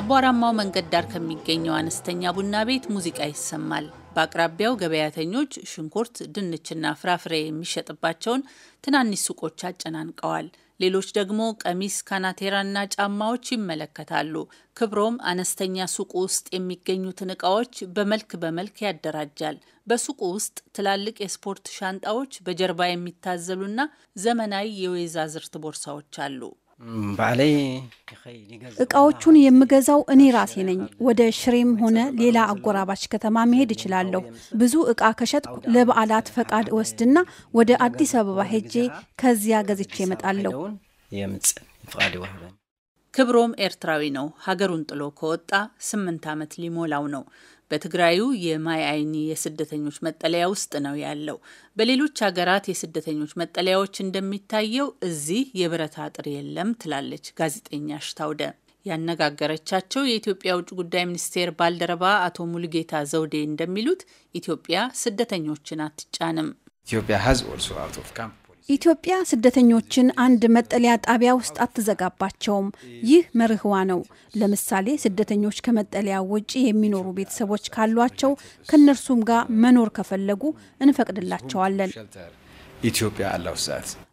አቧራማው መንገድ ዳር ከሚገኘው አነስተኛ ቡና ቤት ሙዚቃ ይሰማል። በአቅራቢያው ገበያተኞች ሽንኩርት፣ ድንችና ፍራፍሬ የሚሸጥባቸውን ትናንሽ ሱቆች አጨናንቀዋል። ሌሎች ደግሞ ቀሚስ፣ ካናቴራና ጫማዎች ይመለከታሉ። ክብሮም አነስተኛ ሱቁ ውስጥ የሚገኙትን እቃዎች በመልክ በመልክ ያደራጃል። በሱቁ ውስጥ ትላልቅ የስፖርት ሻንጣዎች፣ በጀርባ የሚታዘሉና ዘመናዊ የወይዛዝርት ቦርሳዎች አሉ። እቃዎቹን የምገዛው እኔ ራሴ ነኝ። ወደ ሽሬም ሆነ ሌላ አጎራባች ከተማ መሄድ እችላለሁ። ብዙ እቃ ከሸጥኩ ለበዓላት ፈቃድ እወስድና ወደ አዲስ አበባ ሄጄ ከዚያ ገዝቼ እመጣለሁ። ክብሮም ኤርትራዊ ነው። ሀገሩን ጥሎ ከወጣ ስምንት ዓመት ሊሞላው ነው። በትግራዩ የማይ አይኒ የስደተኞች መጠለያ ውስጥ ነው ያለው። በሌሎች ሀገራት የስደተኞች መጠለያዎች እንደሚታየው እዚህ የብረት አጥር የለም ትላለች ጋዜጠኛ ሽታውደ። ያነጋገረቻቸው የኢትዮጵያ ውጭ ጉዳይ ሚኒስቴር ባልደረባ አቶ ሙልጌታ ዘውዴ እንደሚሉት ኢትዮጵያ ስደተኞችን አትጫንም። ኢትዮጵያ ኢትዮጵያ ስደተኞችን አንድ መጠለያ ጣቢያ ውስጥ አትዘጋባቸውም። ይህ መርህዋ ነው። ለምሳሌ ስደተኞች ከመጠለያ ውጭ የሚኖሩ ቤተሰቦች ካሏቸው ከእነርሱም ጋር መኖር ከፈለጉ እንፈቅድላቸዋለን። ኢትዮጵያ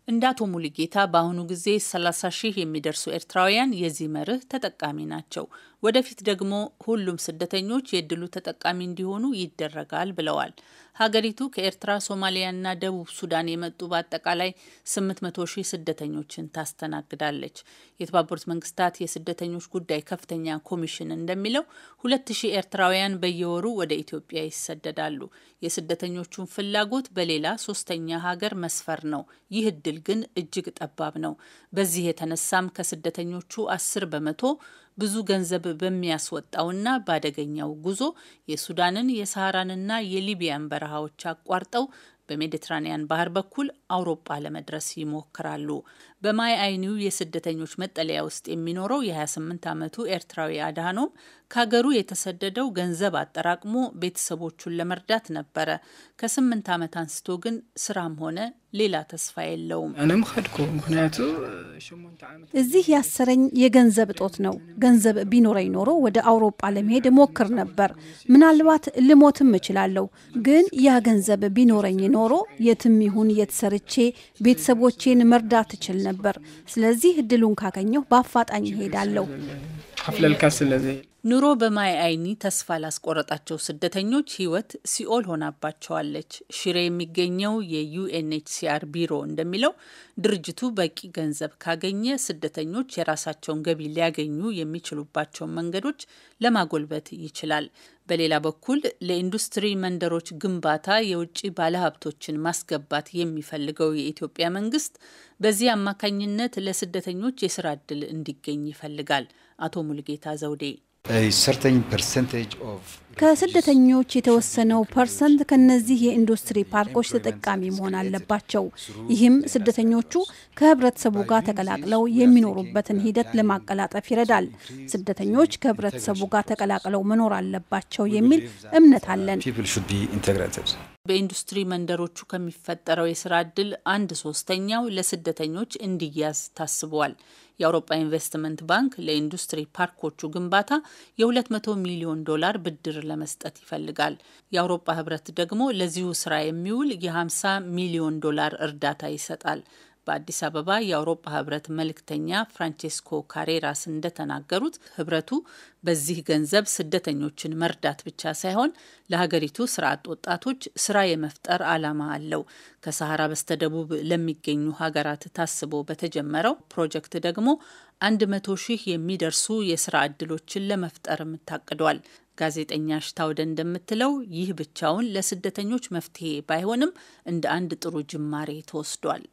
እንደ አቶ ሙሉጌታ በአሁኑ ጊዜ 30 ሺህ የሚደርሱ ኤርትራውያን የዚህ መርህ ተጠቃሚ ናቸው። ወደፊት ደግሞ ሁሉም ስደተኞች የእድሉ ተጠቃሚ እንዲሆኑ ይደረጋል ብለዋል። ሀገሪቱ ከኤርትራ ሶማሊያና ደቡብ ሱዳን የመጡ በአጠቃላይ 800 ሺህ ስደተኞችን ታስተናግዳለች። የተባበሩት መንግስታት የስደተኞች ጉዳይ ከፍተኛ ኮሚሽን እንደሚለው 2000 ኤርትራውያን በየወሩ ወደ ኢትዮጵያ ይሰደዳሉ። የስደተኞቹን ፍላጎት በሌላ ሶስተኛ ሀገር መስፈር ነው። ይህ እድል እድል ግን እጅግ ጠባብ ነው። በዚህ የተነሳም ከስደተኞቹ አስር በመቶ ብዙ ገንዘብ በሚያስወጣውና በአደገኛው ጉዞ የሱዳንን የሰሐራንና የሊቢያን በረሃዎች አቋርጠው በሜዲትራኒያን ባህር በኩል አውሮፓ ለመድረስ ይሞክራሉ። በማይ አይኒው የስደተኞች መጠለያ ውስጥ የሚኖረው የ28 ዓመቱ ኤርትራዊ አድሃኖም ከሀገሩ የተሰደደው ገንዘብ አጠራቅሞ ቤተሰቦቹን ለመርዳት ነበረ። ከስምንት ዓመት አንስቶ ግን ስራም ሆነ ሌላ ተስፋ የለውም። እዚህ ያሰረኝ የገንዘብ እጦት ነው። ገንዘብ ቢኖረኝ ኖሮ ወደ አውሮፓ ለመሄድ ሞክር ነበር። ምናልባት ልሞትም እችላለሁ። ግን ያ ገንዘብ ቢኖረኝ ኖሮ የትም ይሁን የት ሰርቼ ቤተሰቦቼን መርዳት እችል ነበር። ስለዚህ እድሉን ካገኘሁ በአፋጣኝ እሄዳለሁ። ኑሮ በማይ አይኒ ተስፋ ላስቆረጣቸው ስደተኞች ህይወት ሲኦል ሆናባቸዋለች። ሽሬ የሚገኘው የዩኤንኤችሲአር ቢሮ እንደሚለው ድርጅቱ በቂ ገንዘብ ካገኘ ስደተኞች የራሳቸውን ገቢ ሊያገኙ የሚችሉባቸውን መንገዶች ለማጎልበት ይችላል። በሌላ በኩል ለኢንዱስትሪ መንደሮች ግንባታ የውጭ ባለሀብቶችን ማስገባት የሚፈልገው የኢትዮጵያ መንግስት በዚህ አማካኝነት ለስደተኞች የስራ እድል እንዲገኝ ይፈልጋል። አቶ ሙልጌታ ዘውዴ a certain percentage of ከስደተኞች የተወሰነው ፐርሰንት ከነዚህ የኢንዱስትሪ ፓርኮች ተጠቃሚ መሆን አለባቸው። ይህም ስደተኞቹ ከህብረተሰቡ ጋር ተቀላቅለው የሚኖሩበትን ሂደት ለማቀላጠፍ ይረዳል። ስደተኞች ከህብረተሰቡ ጋር ተቀላቅለው መኖር አለባቸው የሚል እምነት አለን። በኢንዱስትሪ መንደሮቹ ከሚፈጠረው የስራ እድል አንድ ሶስተኛው ለስደተኞች እንዲያዝ ታስበዋል። የአውሮፓ ኢንቨስትመንት ባንክ ለኢንዱስትሪ ፓርኮቹ ግንባታ የ200 ሚሊዮን ዶላር ብድር ብድር ለመስጠት ይፈልጋል። የአውሮፓ ህብረት ደግሞ ለዚሁ ስራ የሚውል የ50 ሚሊዮን ዶላር እርዳታ ይሰጣል። በአዲስ አበባ የአውሮፓ ህብረት መልእክተኛ ፍራንቼስኮ ካሬራስ እንደተናገሩት ህብረቱ በዚህ ገንዘብ ስደተኞችን መርዳት ብቻ ሳይሆን ለሀገሪቱ ስራ አጥ ወጣቶች ስራ የመፍጠር ዓላማ አለው። ከሰሃራ በስተደቡብ ለሚገኙ ሀገራት ታስቦ በተጀመረው ፕሮጀክት ደግሞ አንድ መቶ ሺህ የሚደርሱ የስራ ዕድሎችን ለመፍጠርም ታቅዷል። ጋዜጠኛ ሽታውደ እንደምትለው ይህ ብቻውን ለስደተኞች መፍትሄ ባይሆንም እንደ አንድ ጥሩ ጅማሬ ተወስዷል።